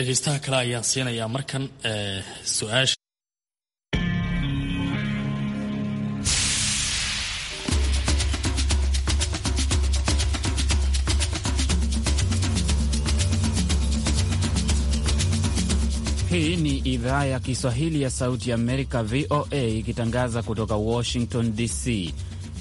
dhegeystaha kale ayaan siinayaa markan eh, su-aasha Hii ni idhaa ya Kiswahili ya Sauti ya Amerika, VOA, ikitangaza kutoka Washington DC.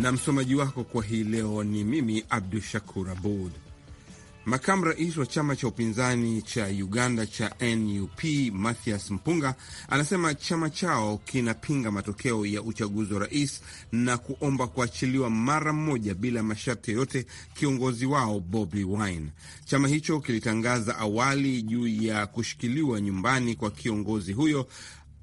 na msomaji wako kwa hii leo ni mimi Abdu Shakur Abud. Makamu rais wa chama cha upinzani cha Uganda cha NUP Mathias Mpunga anasema chama chao kinapinga matokeo ya uchaguzi wa rais na kuomba kuachiliwa mara moja bila masharti yoyote kiongozi wao Bobi Wine. Chama hicho kilitangaza awali juu ya kushikiliwa nyumbani kwa kiongozi huyo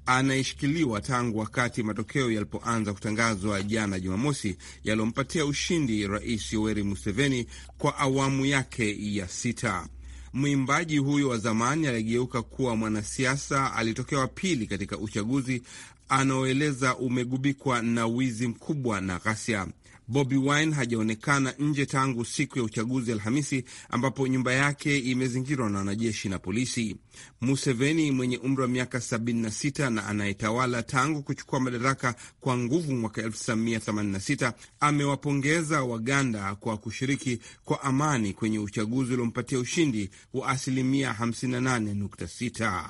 anayeshikiliwa tangu wakati matokeo yalipoanza kutangazwa jana Jumamosi, yaliyompatia ushindi Rais Yoweri Museveni kwa awamu yake ya sita. Mwimbaji huyo wa zamani aliyegeuka kuwa mwanasiasa alitokea wa pili katika uchaguzi anaoeleza umegubikwa na wizi mkubwa na ghasia. Bobi Wine hajaonekana nje tangu siku ya uchaguzi Alhamisi, ambapo nyumba yake imezingirwa na wanajeshi na polisi. Museveni mwenye umri wa miaka 76 na anayetawala tangu kuchukua madaraka kwa nguvu mwaka 1986 amewapongeza Waganda kwa kushiriki kwa amani kwenye uchaguzi uliompatia ushindi wa asilimia 58.6.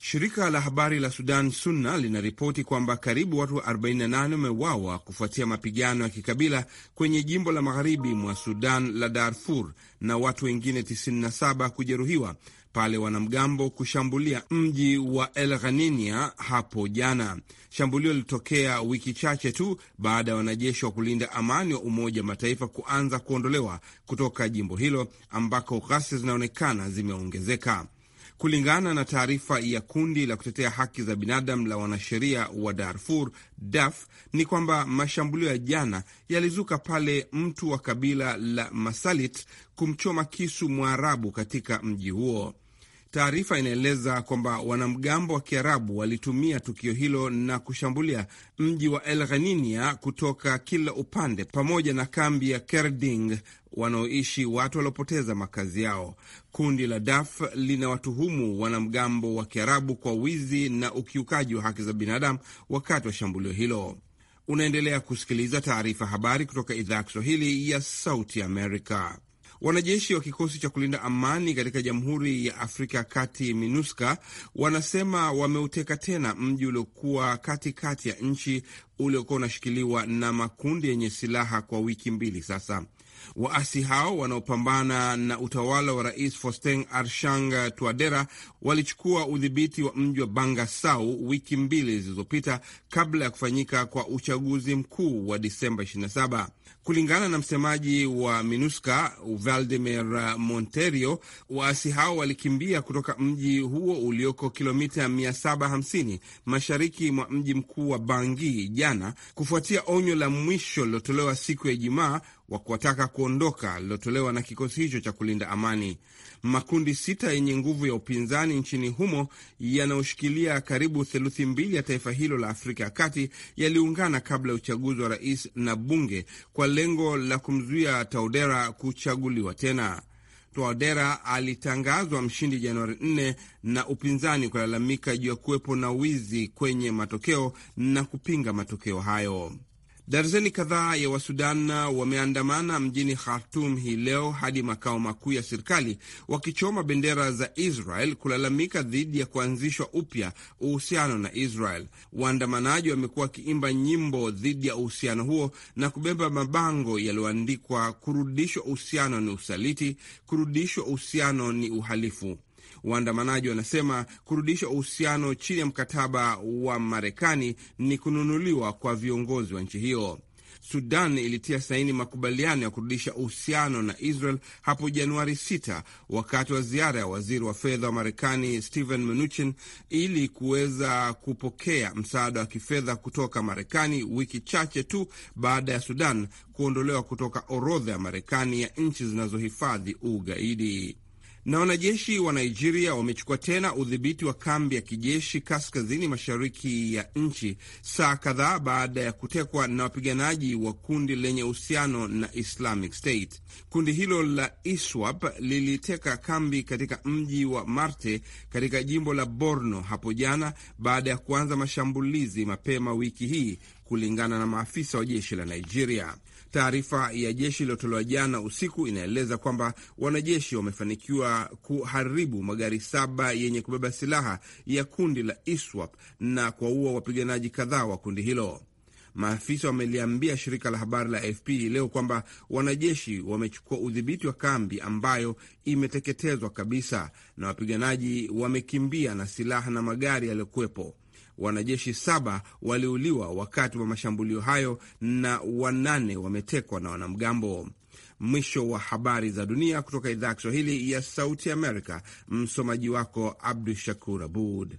Shirika la habari la Sudan Sunna linaripoti kwamba karibu watu 48 wameuawa kufuatia mapigano ya kikabila kwenye jimbo la magharibi mwa Sudan la Darfur na watu wengine 97 kujeruhiwa pale wanamgambo kushambulia mji wa El Ghaninia hapo jana. Shambulio lilitokea wiki chache tu baada ya wanajeshi wa kulinda amani wa Umoja wa Mataifa kuanza kuondolewa kutoka jimbo hilo ambako ghasia zinaonekana zimeongezeka. Kulingana na taarifa ya kundi la kutetea haki za binadamu la wanasheria wa Darfur, DAF, ni kwamba mashambulio ya jana yalizuka pale mtu wa kabila la Masalit kumchoma kisu Mwarabu katika mji huo. Taarifa inaeleza kwamba wanamgambo wa Kiarabu walitumia tukio hilo na kushambulia mji wa El Ghaninia kutoka kila upande pamoja na kambi ya Kerding wanaoishi watu waliopoteza makazi yao. Kundi la Daf linawatuhumu wanamgambo wa Kiarabu kwa wizi na ukiukaji wa haki za binadamu wakati wa shambulio hilo. Unaendelea kusikiliza taarifa habari kutoka idhaa ya Kiswahili ya Sauti Amerika. Wanajeshi wa kikosi cha kulinda amani katika Jamhuri ya Afrika Kati MINUSCA wanasema wameuteka tena mji uliokuwa katikati ya nchi uliokuwa unashikiliwa na makundi yenye silaha kwa wiki mbili sasa. Waasi hao wanaopambana na utawala wa Rais Faustin arshang Touadera walichukua udhibiti wa mji wa Bangassou wiki mbili zilizopita kabla ya kufanyika kwa uchaguzi mkuu wa Disemba 27. Kulingana na msemaji wa MINUSCA Valdemir Monterio, waasi hao walikimbia kutoka mji huo ulioko kilomita 750 mashariki mwa mji mkuu wa Bangi jana kufuatia onyo la mwisho lilotolewa siku ya Ijumaa wa kuwataka kuondoka lililotolewa na kikosi hicho cha kulinda amani. Makundi sita yenye nguvu ya upinzani nchini humo yanayoshikilia karibu theluthi mbili ya taifa hilo la Afrika ya kati yaliungana kabla ya uchaguzi wa rais na bunge kwa lengo la kumzuia Taudera kuchaguliwa tena. Taudera alitangazwa mshindi Januari 4 na upinzani kulalamika juu ya kuwepo na wizi kwenye matokeo na kupinga matokeo hayo. Darzeni kadhaa ya Wasudan wameandamana mjini Khartum hii leo hadi makao makuu ya serikali wakichoma bendera za Israel kulalamika dhidi ya kuanzishwa upya uhusiano na Israel. Waandamanaji wamekuwa wakiimba nyimbo dhidi ya uhusiano huo na kubeba mabango yaliyoandikwa kurudishwa uhusiano ni usaliti, kurudishwa uhusiano ni uhalifu. Waandamanaji wanasema kurudisha uhusiano chini ya mkataba wa Marekani ni kununuliwa kwa viongozi wa nchi hiyo. Sudan ilitia saini makubaliano ya kurudisha uhusiano na Israel hapo Januari 6 wakati wa ziara ya waziri wa fedha wa Marekani Steven Mnuchin ili kuweza kupokea msaada wa kifedha kutoka Marekani, wiki chache tu baada ya Sudan kuondolewa kutoka orodha ya Marekani ya nchi zinazohifadhi ugaidi. Na wanajeshi wa Nigeria wamechukua tena udhibiti wa kambi ya kijeshi kaskazini mashariki ya nchi saa kadhaa baada ya kutekwa na wapiganaji wa kundi lenye uhusiano na Islamic State. Kundi hilo la ISWAP liliteka kambi katika mji wa Marte katika jimbo la Borno hapo jana baada ya kuanza mashambulizi mapema wiki hii kulingana na maafisa wa jeshi la Nigeria. Taarifa ya jeshi iliyotolewa jana usiku inaeleza kwamba wanajeshi wamefanikiwa kuharibu magari saba yenye kubeba silaha ya kundi la ISWAP na kuwaua wapiganaji kadhaa wa kundi hilo. Maafisa wameliambia shirika la habari la AFP leo kwamba wanajeshi wamechukua udhibiti wa kambi ambayo imeteketezwa kabisa na wapiganaji wamekimbia na silaha na magari yaliyokuwepo. Wanajeshi saba waliuliwa wakati wa mashambulio hayo na wanane wametekwa na wanamgambo. Mwisho wa habari za dunia kutoka idhaa ya Kiswahili ya Sauti Amerika. Msomaji wako Abdu Shakur Abud.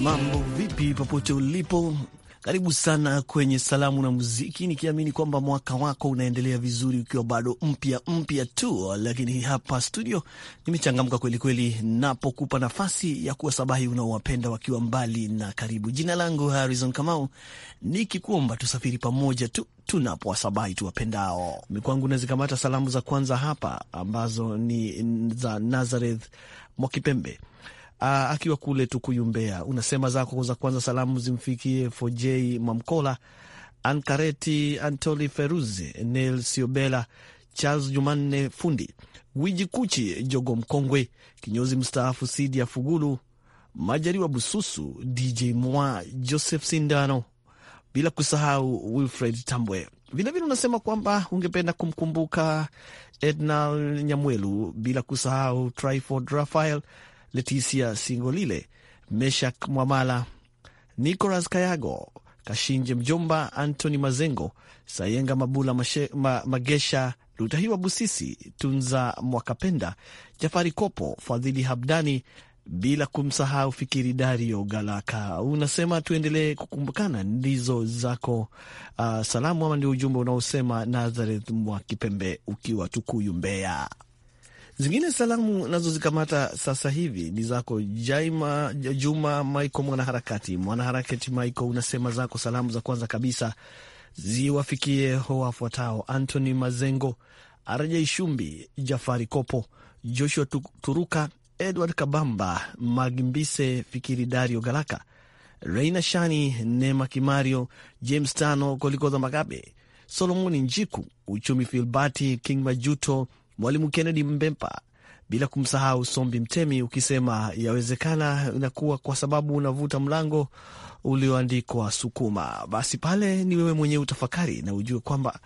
Mambo vipi popote ulipo karibu sana kwenye salamu na muziki, nikiamini kwamba mwaka wako unaendelea vizuri ukiwa bado mpya mpya tu, lakini hapa studio nimechangamka kwelikweli napokupa nafasi ya kuwasabahi unaowapenda wakiwa mbali na karibu. Jina langu Harrison Kamau, nikikuomba tusafiri pamoja tu tunapowasabahi tuwapendao. Mikwangu nazikamata salamu za kwanza hapa ambazo ni za Nazareth Mwakipembe Aa, ah, akiwa kule Tukuyu, Mbeya. Unasema zako za kwanza salamu zimfikie FJ Mamkola, Ankareti Antoli, Feruzi Nel Siobela, Charles Jumanne Fundi, Wiji Kuchi, Jogo Mkongwe, kinyozi mstaafu Sidi ya Fugulu, Majaliwa Bususu, DJ Mwa, Joseph Sindano, bila kusahau Wilfred Tambwe. Vilevile unasema kwamba ungependa kumkumbuka Edna Nyamwelu, bila kusahau Tryford Rafael, Leticia Singolile, Meshak Mwamala, Nicolas Kayago, Kashinje Mjomba, Antony Mazengo, Sayenga Mabula Mashe, Ma, Magesha Lutahiwa Busisi, Tunza Mwakapenda, Jafari Kopo, Fadhili Habdani, bila kumsahau Fikiri Dario Galaka. Unasema tuendelee kukumbukana, ndizo zako uh, salamu ama ndio ujumbe unaosema Nazareth Mwa Kipembe ukiwa Tukuyu, Mbeya. Zingine salamu nazo zikamata sasa hivi ni zako Jaima Juma Maiko, mwanaharakati mwanaharakati Maiko, unasema zako salamu za kwanza kabisa ziwafikie wafuatao: Antony Mazengo, Arjai Shumbi, Jafari Kopo, Joshua Turuka, Edward Kabamba, Magimbise, Fikiri Dario Galaka, Reina Shani, Nema Kimario, James Tano, Kolikoza Magabe, Solomoni Njiku, Uchumi Filbati, King Majuto, Mwalimu Kennedy Mbempa, bila kumsahau Sombi Mtemi, ukisema yawezekana inakuwa kwa sababu unavuta mlango ulioandikwa sukuma, basi pale ni wewe mwenyewe utafakari na ujue kwamba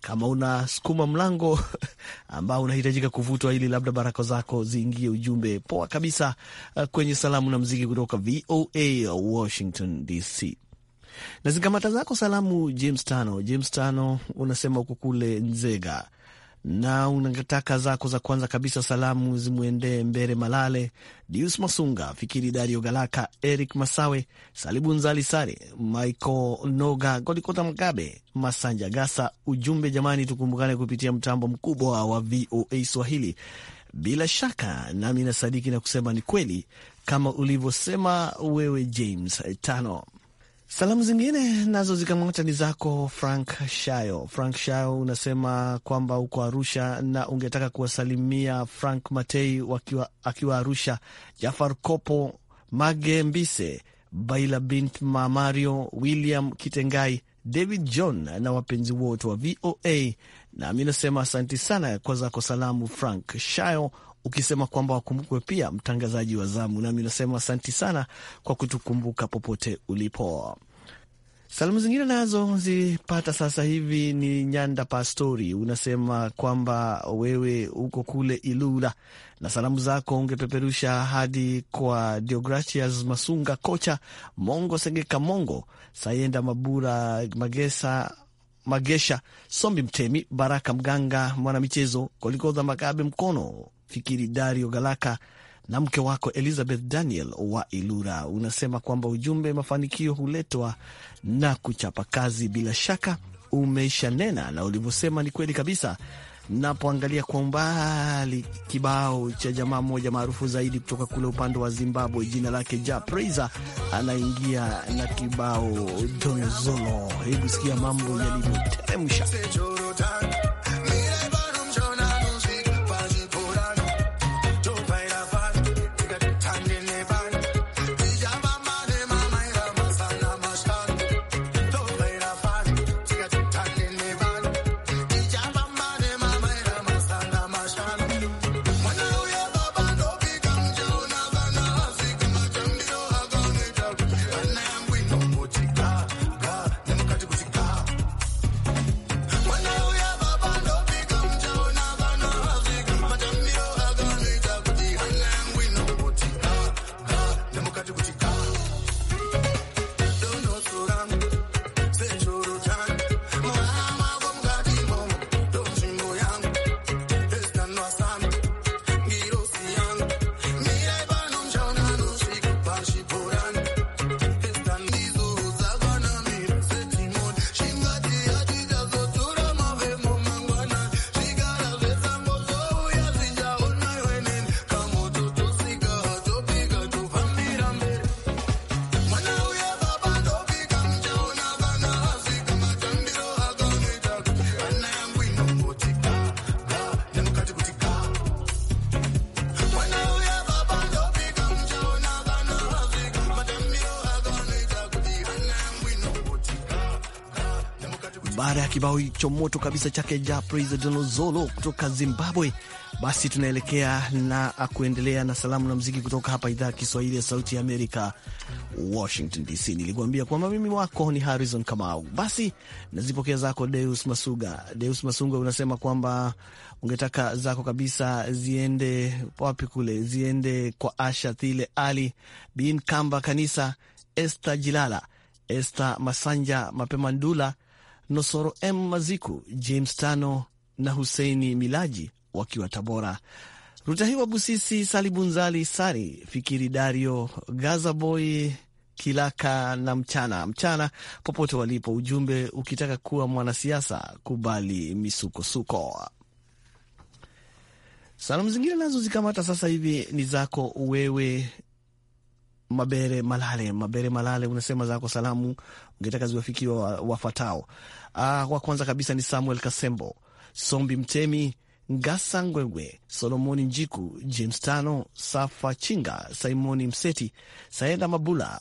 kama unasukuma mlango ambao unahitajika kuvutwa ili labda baraka zako ziingie. Ujumbe poa kabisa uh, kwenye salamu na mziki kutoka VOA Washington DC na zikamata zako salamu. James Tano, James Tano unasema uko kule Nzega na unataka zako za kwanza kabisa salamu zimwendee Mbere Malale, Dius Masunga, Fikiri Dario Galaka, Eric Masawe, Nzali Sare, Michael Noga, Godikota Mgabe, Masanja Gasa. Ujumbe jamani, tukumbukane kupitia mtambo mkubwa wa VOA Swahili. Bila shaka nami nasadiki na kusema ni kweli kama ulivyosema wewe James Tano. Salamu zingine nazo zikamata ni zako Frank Shayo. Frank Shayo unasema kwamba uko Arusha na ungetaka kuwasalimia Frank Matei wakiwa, akiwa Arusha, Jafar Kopo, Mage Mbise, Baila bint Mamario, William Kitengai, David John na wapenzi wote wa VOA. Nami nasema asanti sana kwa zako salamu Frank Shayo ukisema kwamba wakumbukwe pia mtangazaji wa zamu. Nami nasema asanti sana kwa kutukumbuka popote ulipo. Salamu zingine nazo zipata sasa hivi ni Nyanda Pastori, unasema kwamba wewe uko kule Ilula na salamu zako ungepeperusha hadi kwa Deogratias Masunga, kocha Mongo Sengeka, Mongo Sayenda Mabura, Magesa Magesha, Sombi Mtemi, Baraka Mganga, mwanamichezo Kolikodha makabe Mkono, Fikiri Dario Galaka na mke wako Elizabeth Daniel wa Ilura. Unasema kwamba ujumbe, mafanikio huletwa na kuchapa kazi. Bila shaka umeisha nena na ulivyosema ni kweli kabisa napoangalia kwa umbali kibao cha jamaa mmoja maarufu zaidi kutoka kule upande wa Zimbabwe, jina lake Ja Praiser, anaingia na kibao Donzolo. Hebu sikia mambo yalivyoteremsha. baada ya kibao hicho moto kabisa chake ja Praise Zolo kutoka Zimbabwe. Basi tunaelekea na kuendelea na salamu na mziki kutoka hapa idhaa ya Kiswahili ya Sauti ya Amerika, Washington DC. Nilikuambia kwamba mimi wako ni Harrison Kamau. Basi nazipokea zako Deus Masuga. Deus Masunga, unasema kwamba ungetaka zako kabisa ziende wapi? Kule ziende kwa Asha Thile Ali bin Kamba Kanisa, Esther Jilala, Esther Masanja Mapema Ndula Nosoro M Maziku, James Tano na Huseini Milaji wakiwa Tabora. Rutahiwa Busisi, Salibunzali Sari, Fikiri Dario, gaza boy Kilaka na mchana mchana popote walipo. Ujumbe, ukitaka kuwa mwanasiasa kubali misukosuko. Salamu zingine nazo zikamata sasa hivi ni zako wewe Mabere Malale, Mabere Malale, unasema zako salamu ungetaka ziwafikiwa wafuatao. Ah, wa kwanza kabisa ni Samuel Kasembo, Sombi Mtemi, Ngasa Ngwegwe, Solomoni Njiku, James Tano, Safa Chinga, Simoni Mseti, Saenda Mabula,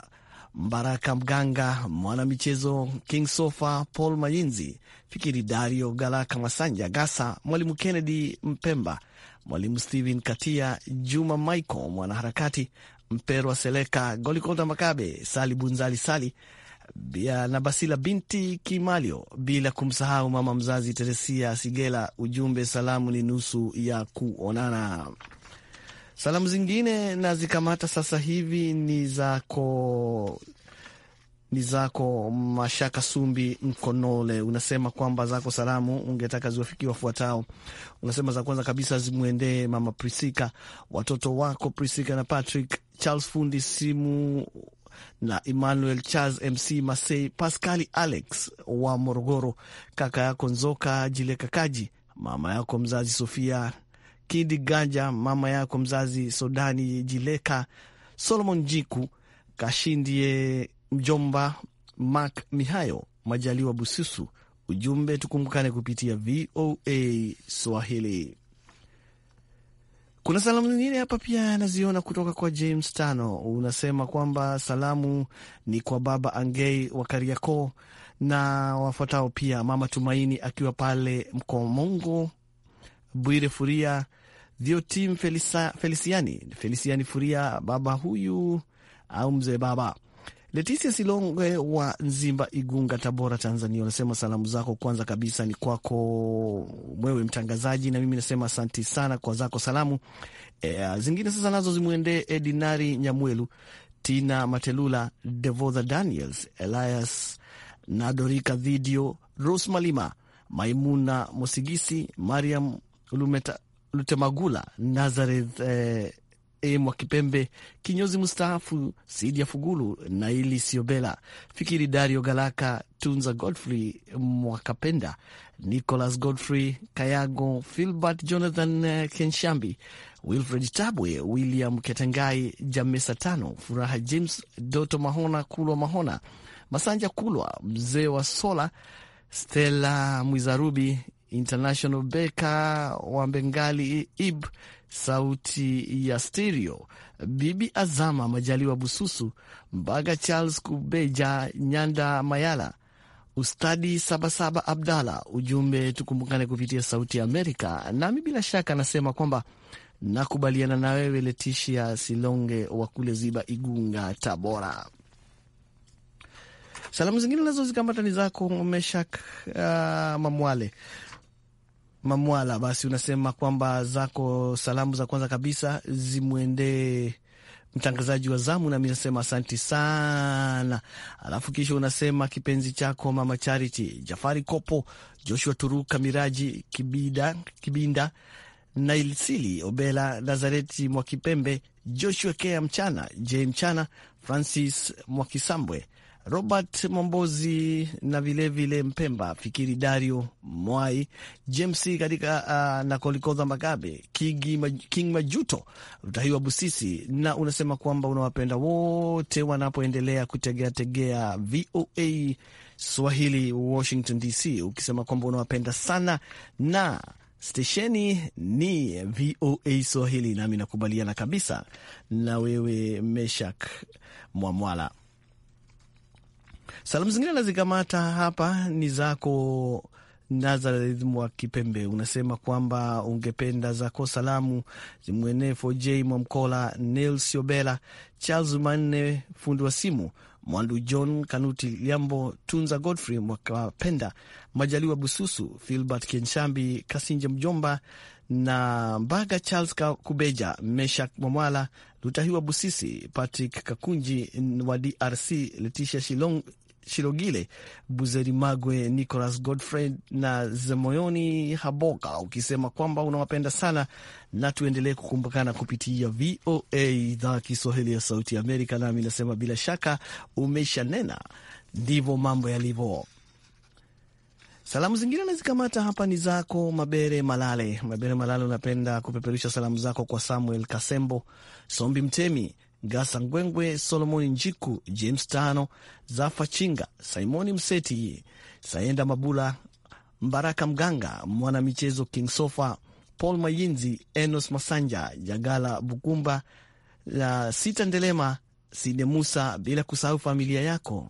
Mbaraka Mganga, mwana michezo King Sofa, Paul Mayinzi, Fikiri Dario, Galaka Masanja, Gasa, Mwalimu Kennedy Mpemba, Mwalimu Stephen Katia, Juma Michael, mwanaharakati Mperwa Seleka, Golikonda Makabe, Sali Bunzali Sali bia na Basila binti Kimalio, bila kumsahau mama mzazi Teresia Sigela. Ujumbe, salamu ni nusu ya kuonana. Salamu zingine na zikamata sasa hivi ni zako ni zako Mashaka Sumbi Mkonole, unasema kwamba zako salamu ungetaka ziwafikie wafuatao. Unasema za kwanza kabisa zimwendee mama Prisika, watoto wako Prisika na Patrick Charles Fundi simu na Emmanuel Charles Mc Masei, Pascali Alex wa Morogoro, kaka yako Nzoka Jileka Kaji, mama yako mzazi Sofia Kidi Ganja, mama yako mzazi Sodani Jileka, Solomon Jiku Kashindie, mjomba Mark Mihayo Majaliwa Bususu. Ujumbe, tukumbukane kupitia VOA Swahili. Kuna salamu zingine hapa pia naziona kutoka kwa James Tano, unasema kwamba salamu ni kwa baba Angei wa Kariakoo na wafuatao pia mama Tumaini akiwa pale Mkomongo, Bwire Furia, thiotim Felisiani, Felisiani Furia, baba huyu au mzee baba Leticia Silonge wa Nzimba, Igunga, Tabora, Tanzania, unasema salamu zako kwanza kabisa ni kwako mwewe mtangazaji, na mimi nasema asanti sana kwa zako salamu. E, zingine sasa nazo zimwendee Edinari Nyamwelu, Tina Matelula, Devotha Daniels, Elias Nadorika, Video Rose Malima, Maimuna Mosigisi, Mariam Lutemagula, Nazareth eh, E Mwakipembe, kinyozi mstaafu Sidia Fugulu, na Ili Siobela, Fikiri Dario Galaka, Tunza Godfrey Mwakapenda, Nicholas Godfrey Kayago, Filbert Jonathan Kenshambi, Wilfred Tabwe, William Ketengai, Jamesa Tano, Furaha James, Doto Mahona, Kulwa Mahona, Masanja Kulwa, Mzee wa Sola, Stella Mwizarubi, International Beka wa Bengali, Ib Sauti ya Stereo, Bibi Azama Majaliwa Bususu, Mbaga Charles Kubeja, Nyanda Mayala, Ustadi Sabasaba Abdala. Ujumbe tukumbukane kupitia Sauti ya Amerika. Nami bila shaka anasema kwamba nakubaliana na wewe Letishia Silonge wa kule Ziba, Igunga, Tabora. Salamu zingine nazo zikambata ni zako Meshak uh, Mamwale Mamwala, basi unasema kwamba zako salamu za kwanza kabisa zimwendee mtangazaji wa zamu, nami nasema asanti sana. Alafu kisha unasema kipenzi chako Mama Charity, Jafari Kopo, Joshua Turuka, Miraji Kibida, Kibinda, Nailsili Obela, Nazareti Mwakipembe, Joshua Kea Mchana, J Mchana, Francis Mwakisambwe Robert Mombozi na vilevile vile Mpemba Fikiri, Dario Mwai, James katika uh, na Kolikodha Magabe, King Majuto, utahiwa Busisi, na unasema kwamba unawapenda wote wanapoendelea kutegeategea VOA Swahili Washington DC, ukisema kwamba unawapenda sana na stesheni ni VOA Swahili, nami nakubaliana kabisa na wewe Meshak Mwamwala. Salamu zingine nazikamata hapa ni zako Nazareth mwa Kipembe, unasema kwamba ungependa zako salamu zimwenee Foj Mwamkola, Nels Obela, Charles Manne, fundi wa simu Mwandu, John Kanuti Liambo, Tunza Godfrey Mwakapenda, Majaliwa Bususu, Filbert Kenshambi, Kasinje mjomba na Mbaga Charles Kubeja, Meshak Mwamwala, Lutahiwa Busisi, Patrick Kakunji wa DRC, Letisha Shilong, Shirogile, magwe Nicolas Godfrey na Zemoyoni Haboka, ukisema kwamba unawapenda sana na tuendelee kukumbukana kupitia VOA idhaa Kiswahili ya Sauti Amerika. Nami nasema bila shaka umeshanena, ndivyo mambo yalivyo. Salamu zingine nazikamata hapa ni zako Mabere Malale. Mabere Malale, unapenda kupeperusha salamu zako kwa Samuel Kasembo, Sombi Mtemi, Gasa Ngwengwe, Solomon Njiku, James Tano, Zafa Chinga, Simoni Mseti, Saenda Mabula, Mbaraka Mganga, mwanamichezo King Sofa, Paul Mayinzi, Enos Masanja, Jagala Bukumba, la Sita Ndelema, Side Musa, bila kusahau familia yako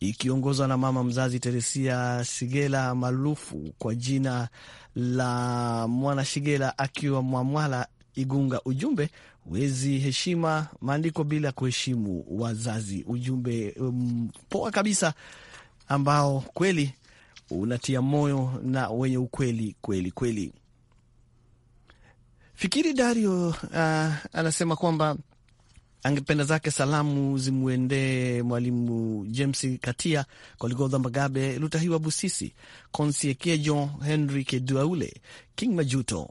ikiongozwa na mama mzazi Teresia Shigela maarufu kwa jina la Mwana Shigela akiwa Mwamwala Igunga ujumbe wezi heshima maandiko bila kuheshimu wazazi. Ujumbe um, poa kabisa ambao kweli unatia moyo na wenye ukweli kweli kweli. Fikiri Dario uh, anasema kwamba angependa zake salamu zimwendee Mwalimu James Katia, Koligodha Magabe, Lutahiwa Busisi, Konsi Ekejo, Henri Keduaule, King Majuto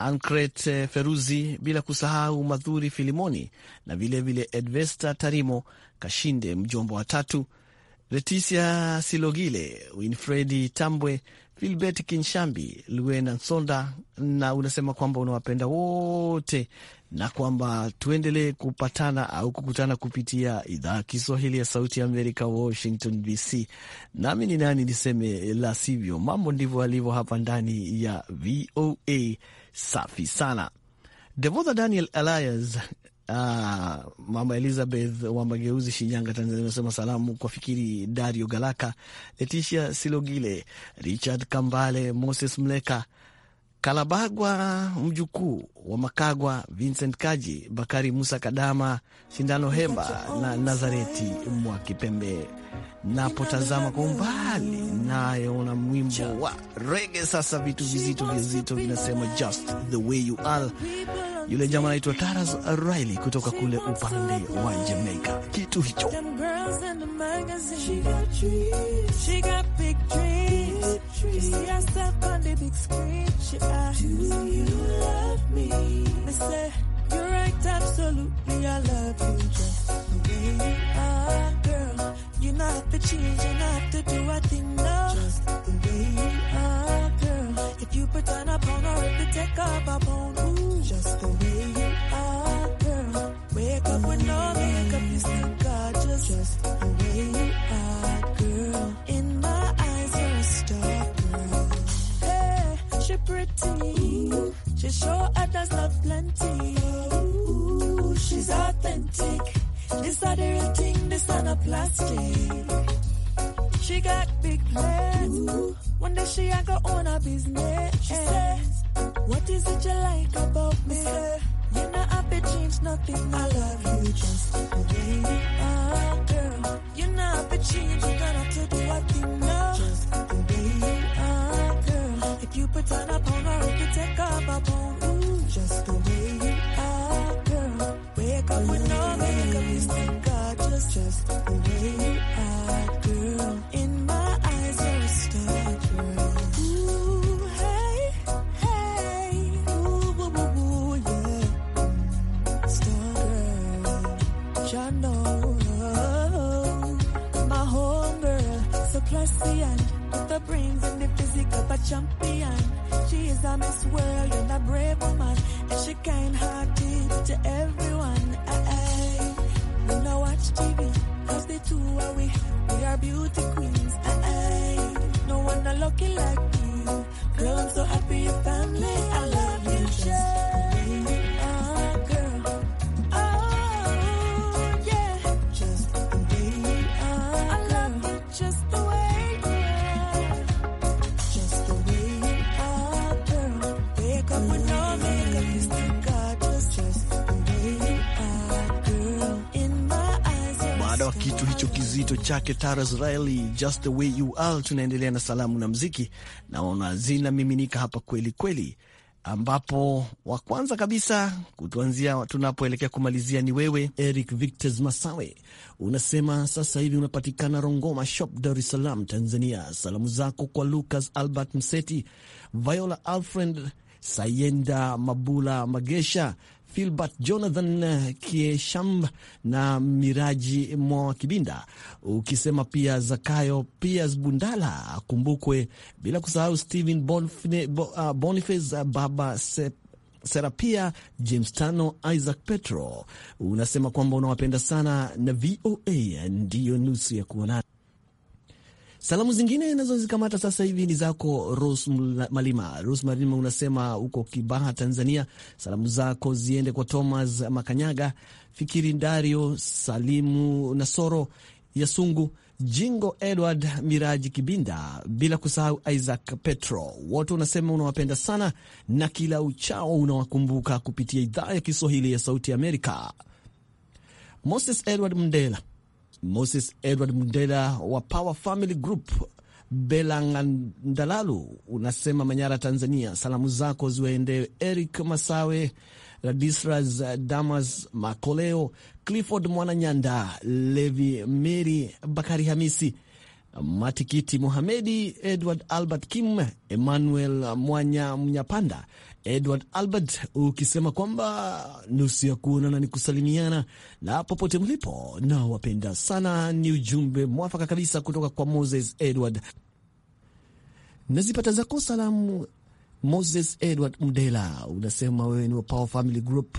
Ankret Feruzi, bila kusahau Madhuri Filimoni na vilevile Edvesta Tarimo Kashinde, mjomba wa tatu, Leticia Silogile, Winfredi Tambwe Filbert Kinshambi, Luena Nsonda, na unasema kwamba unawapenda wote na kwamba tuendelee kupatana au kukutana kupitia idhaa ya Kiswahili ya Sauti ya Amerika, Washington DC. Nami ni nani niseme la sivyo, mambo ndivyo alivyo hapa ndani ya VOA. Safi sana. Devodha Daniel Elias Ah, Mama Elizabeth wa Mageuzi, Shinyanga, Tanzania, amesema salamu kwa Fikiri Dario Galaka, Leticia Silogile, Richard Kambale, Moses Mleka, Kalabagwa, mjukuu wa Makagwa, Vincent Kaji, Bakari Musa Kadama, Sindano Hemba na Nazareti mwa Kipembe. Napotazama kwa umbali, nayeona mwimbo wa rege. Sasa vitu vizito vizito vinasema just the way you are. Yule jamaa anaitwa Taras Riley kutoka kule upande wa Jamaica, kitu hicho she asked, Do you love me? I said, You're right, absolutely, I love you just the way you are, girl. You know not have to change, you know not have to do a thing now. plastic. She got big plans. Ooh. One day she going her own a business. She says, What is it you like about me? you know I've been changed nothing. I love you just the way chake Taras Israeli, Just the Way You Are. Tunaendelea na salamu na mziki, naona zinamiminika hapa kweli kweli, ambapo wa kwanza kabisa kutuanzia tunapoelekea kumalizia ni wewe Eric Victes Masawe. Unasema sasa hivi unapatikana Rongoma Shop, Dar es Salaam, Tanzania. Salamu zako kwa Lucas Albert Mseti, Viola Alfred Sayenda Mabula Magesha Filbert Jonathan eh, Kieshamb na Miraji Mwa Kibinda, ukisema pia Zakayo pias Bundala akumbukwe, bila kusahau Stephen ah, Boniface ah, Baba Sep Serapia James Tano, Isaac Petro. Unasema kwamba unawapenda sana na VOA eh, ndiyo nusu ya kuonana. Salamu zingine nazozikamata sasa hivi ni zako Ros Malima. Ros Malima unasema huko Kibaha, Tanzania. Salamu zako ziende kwa Thomas Makanyaga, Fikiri Ndario, Salimu Nasoro, Yasungu Jingo, Edward Miraji Kibinda, bila kusahau Isaac Petro. Wote unasema unawapenda sana na kila uchao unawakumbuka kupitia idhaa ya Kiswahili ya Sauti Amerika. Moses Edward Mndela Moses Edward Mndela wa Power Family Group Belangandalalu unasema Manyara, Tanzania. Salamu zako ziwaendee Eric Masawe, Radisras Damas, Makoleo Clifford Mwananyanda, Levi Meri, Bakari Hamisi Matikiti muhamedi Edward Albert Kim, Emmanuel Mwanya Mnyapanda, Edward Albert ukisema kwamba nusu ya kuonana ni kusalimiana, na popote mlipo nawapenda sana. Ni ujumbe mwafaka kabisa kutoka kwa Moses Edward. Nazipata zako salamu Moses Edward Mdela, unasema wewe ni wa Power Family Group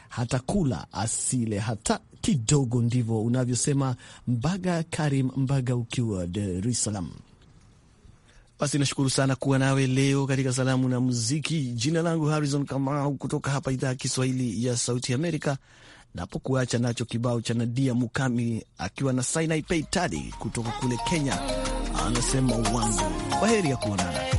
hata kula asile hata kidogo. Ndivyo unavyosema Mbaga Karim Mbaga ukiwa Dar es Salaam. Basi nashukuru sana kuwa nawe leo katika salamu na muziki. Jina langu Harrison Kamau kutoka hapa idhaa ya Kiswahili ya Sauti Amerika, napokuacha nacho kibao cha Nadia Mukami akiwa na Sinai Pay Tadi kutoka kule Kenya, anasema wangu, kwa heri ya kuonana.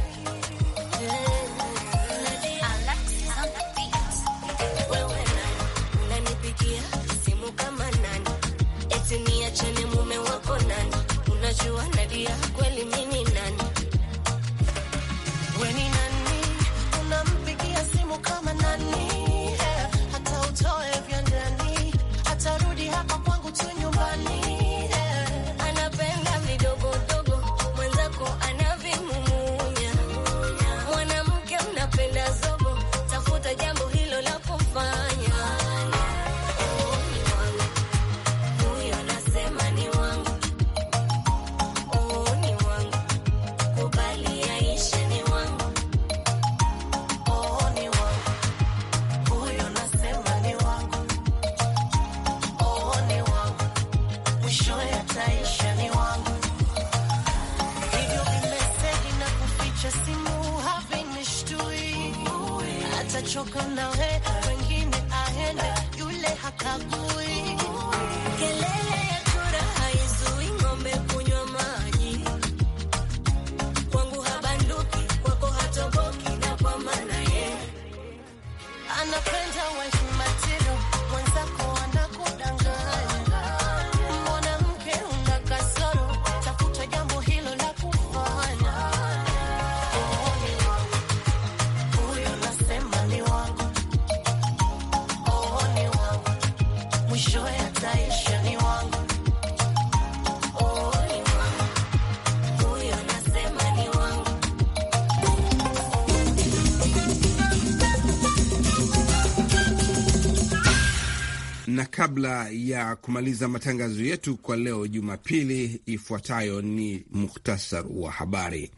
kabla ya kumaliza matangazo yetu kwa leo Jumapili, ifuatayo ni muhtasar wa habari.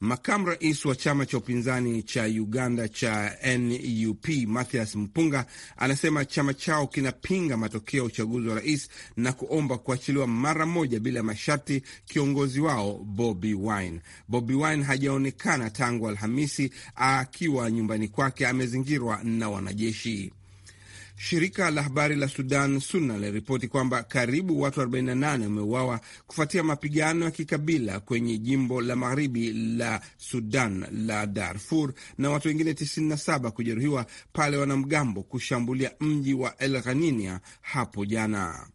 Makamu rais wa chama cha upinzani cha Uganda cha NUP Mathias Mpunga anasema chama chao kinapinga matokeo ya uchaguzi wa rais na kuomba kuachiliwa mara moja bila masharti kiongozi wao Bobi Wine. Bobi Wine hajaonekana tangu Alhamisi akiwa nyumbani kwake, amezingirwa na wanajeshi. Shirika la habari la Sudan SUNA liliripoti kwamba karibu watu 48 wameuawa kufuatia mapigano ya kikabila kwenye jimbo la magharibi la Sudan la Darfur na watu wengine 97 kujeruhiwa pale wanamgambo kushambulia mji wa El Ghaninia hapo jana.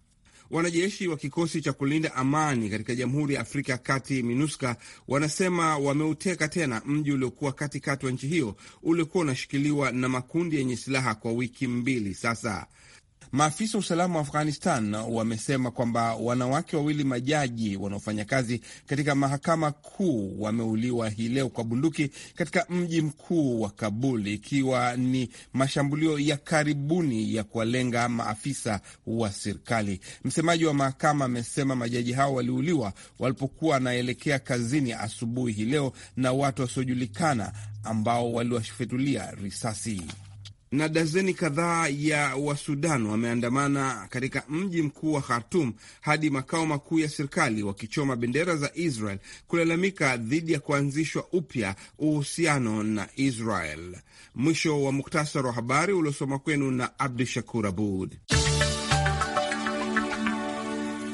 Wanajeshi wa kikosi cha kulinda amani katika Jamhuri ya Afrika ya Kati, minuska wanasema wameuteka tena mji uliokuwa katikati wa nchi hiyo uliokuwa unashikiliwa na makundi yenye silaha kwa wiki mbili sasa. Maafisa wa usalama wa Afghanistan wamesema kwamba wanawake wawili majaji wanaofanya kazi katika mahakama kuu wameuliwa hii leo kwa bunduki katika mji mkuu wa Kabul, ikiwa ni mashambulio ya karibuni ya kuwalenga maafisa wa serikali. Msemaji wa mahakama amesema majaji hao waliuliwa walipokuwa wanaelekea kazini asubuhi hii leo na watu wasiojulikana ambao waliwafyatulia risasi na dazeni kadhaa ya Wasudan wameandamana katika mji mkuu wa Khartum hadi makao makuu ya serikali wakichoma bendera za Israel kulalamika dhidi ya kuanzishwa upya uhusiano na Israel. Mwisho wa muktasari wa habari uliosoma kwenu na Abdu Shakur Abud.